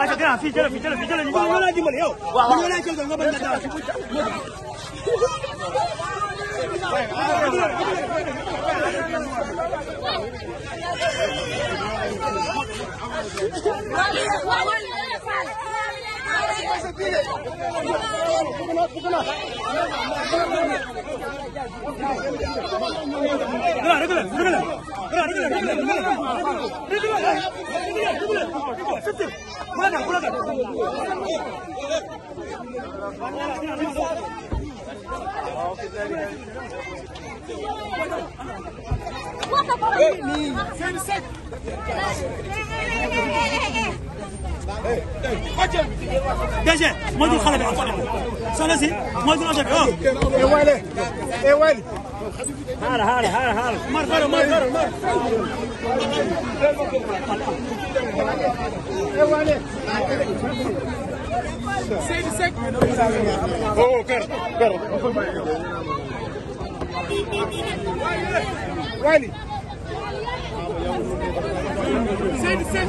ayca grand fii jëlee fii jëlee fii jëlee ñu ñoo laa dimbali yow. waaw waaw ñu lay jël nga bañ na dara. Why are you What the fuck? DG moytul xale bi ak soxna si moytul oto bi oh. eh Wale eh Wale. xaaral xaaral xaaral xaaral. Mar xaaral Mar xaaral Mar. eh Wale. Seydou Seck. oh kër kër. Wale. Seydou Seck.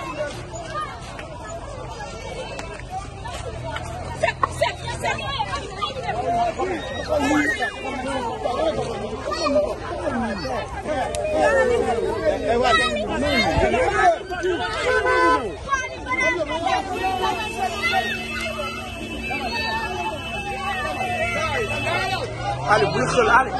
Ali bu ñu xël Ali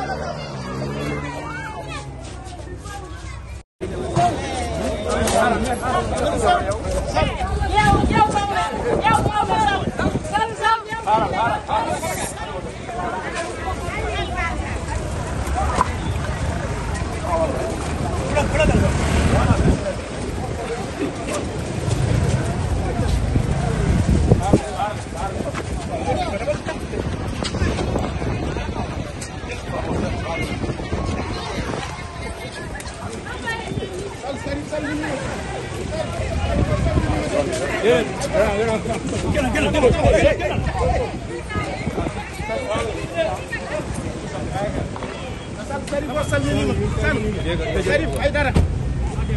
Salif ay dara.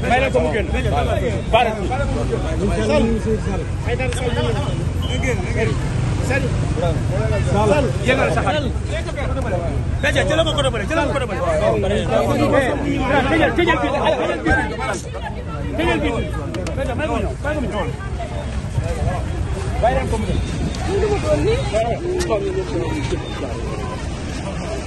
may na ko mu génn. baara ay dara Salif. Salif yëngal sa xar. Béja jëlal ma ko doon bële jëlal ma ko doon bële. tëjal tëjal bii tëjal bii Béja may ko ñëw may ko mu ñëw. bàyyi leen ko mu ñëw.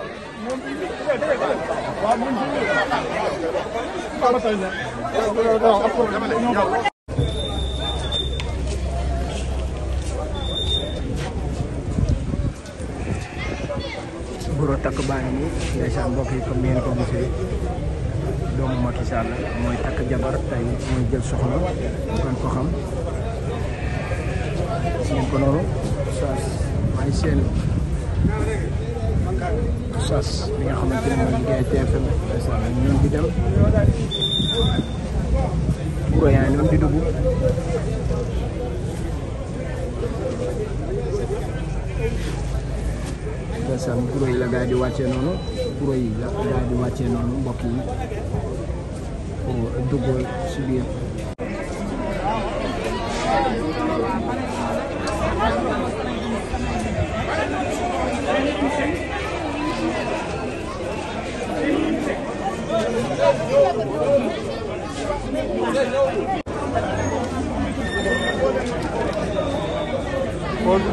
guro takk baa ngi nii ndeysaan mbokk yi comme ngeen ko gisee doomu Macky Sall mooy takk jabar tey mooy jël soxna bu kan ko xam ngeen ko noonu saa maa Gossas bi nga xamante ne mooy liggéey TFM ñoom di dem bureau yaa ngi noonu di dugg ndeysaan bureau yi la gaa yi di wàcce noonu bureau yi la gaa yi di wàccee noonu mbokk yi pour dugg biir gold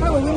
How are you?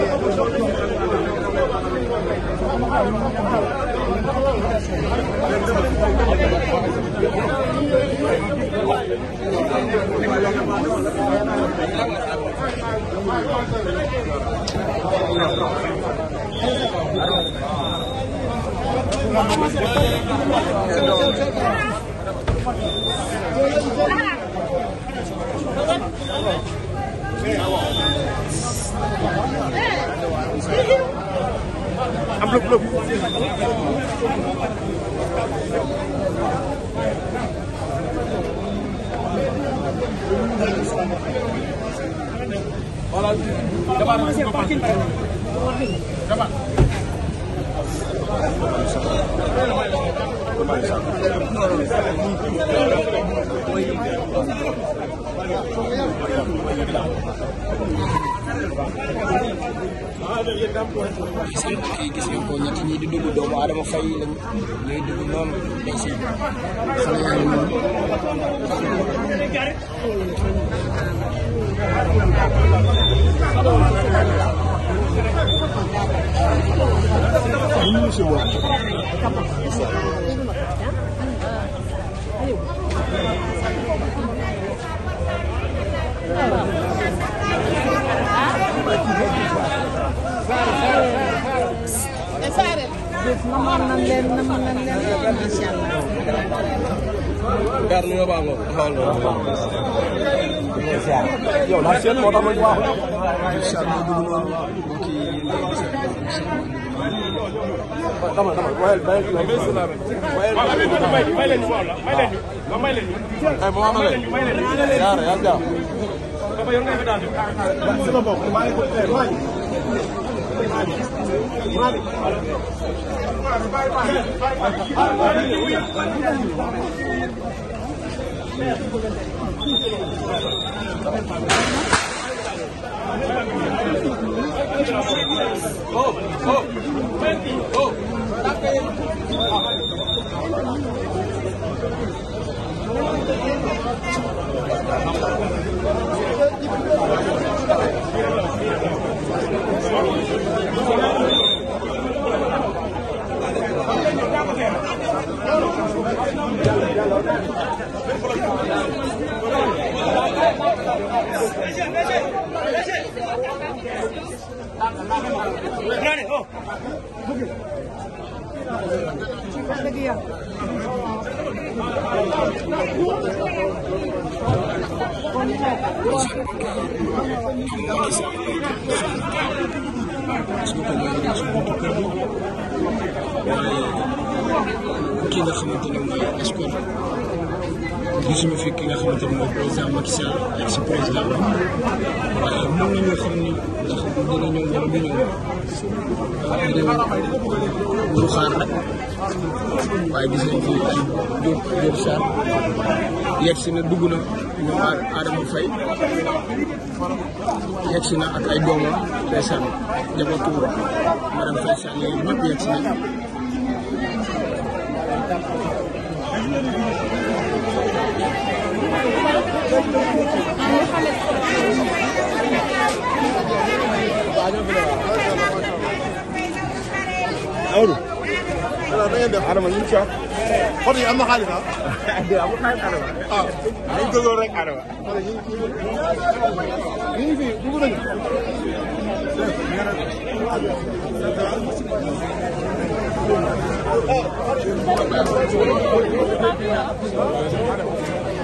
am lëb lëb voilà damaa la gis nga fàttali damaa. damaa gis ngeen ko fii gis ngeen ko doomu Adama Faye lañ ñooy dugg noonu day si xale yaa noonu namoon nañ leen namoon nañ leen lool macha allah. Père li nga baax nga taxawal nga. yow laa seet moo tax ma ñu wax. incha allah dugg noonu mbokk yi lay gis ak ñoom incha allah. dama dama wayal bàyyi la ñu wayal. waaw may leen ñu may leen ñu may leen ñu. Eh, may leen ñu. may leen ñu. ma yor nga invitation. sama bopp maa ngi koy tey maa ngi. maa ngi. Oh, oh. Oh. kii nga xamante ne mooy gisuñu fi ki nga xamante ne mooy ak si président bi mën nañu xam ni ndax dina ñëw wala du xaar rek waaye gis nañ fi ay Diop Diop Sarr na dugg na ñoom Adama Faye yegg na ak ay doomam ndeysaan njabootu madame Faye Sall yooyu ñëpp yegg si na Amadou. alors na ngeen def Adama ñu ngi ci wax. xol yi am na xaalis ah. amul xaalis Adama. ah ñu ngi dëgër rek Adama. ñu ngi fi dugg nañu. ah.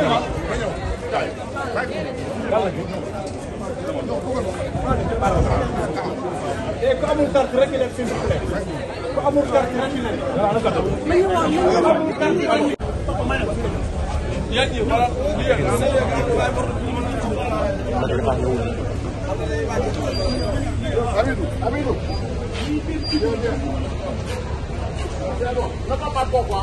ku amul carte rek leen s'il vous plaît ku amul carte rek leen yaji wala liye Hamidou Hamidou naka pat ko quoi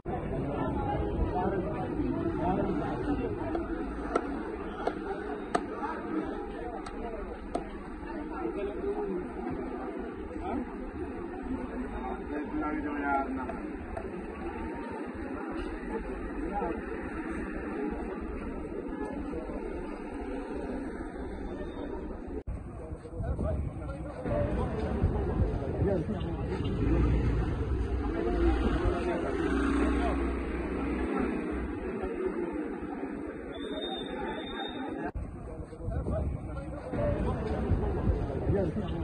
Yeah.